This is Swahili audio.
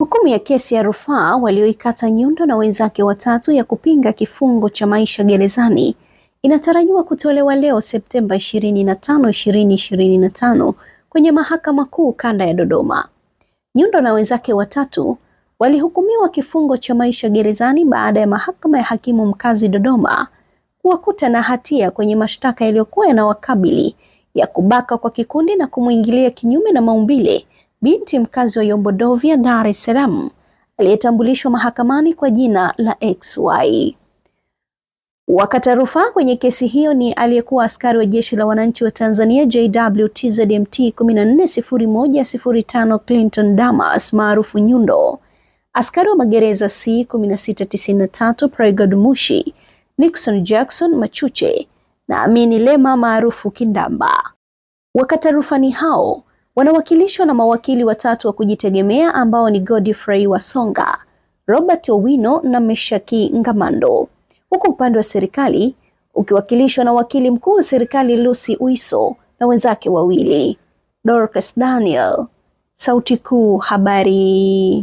Hukumu ya kesi ya rufaa walioikata Nyundo na wenzake watatu ya kupinga kifungo cha maisha gerezani inatarajiwa kutolewa leo Septemba 25, 2025 kwenye Mahakama Kuu Kanda ya Dodoma. Nyundo na wenzake watatu walihukumiwa kifungo cha maisha gerezani baada ya Mahakama ya Hakimu Mkazi Dodoma kuwakuta na hatia kwenye mashtaka yaliyokuwa yanawakabili ya kubaka kwa kikundi na kumwingilia kinyume na maumbile binti mkazi wa Yombodovia, Dar es Salaam, aliyetambulishwa mahakamani kwa jina la XY. Wakata rufaa kwenye kesi hiyo ni aliyekuwa askari wa Jeshi la Wananchi wa Tanzania JWTZMT 140105 Clinton Damas maarufu Nyundo, askari wa magereza C 1693 Pregod Mushi, Nixon Jackson Machuche na Amini Lema maarufu Kindamba. Wakata rufani hao wanawakilishwa na mawakili watatu wa kujitegemea ambao ni Godfrey Wasonga, Robert Owino na Meshaki Ngamando, huku upande wa serikali ukiwakilishwa na wakili mkuu wa serikali Lucy Uiso na wenzake wawili. Dorcas Daniel, Sauti Kuu Habari.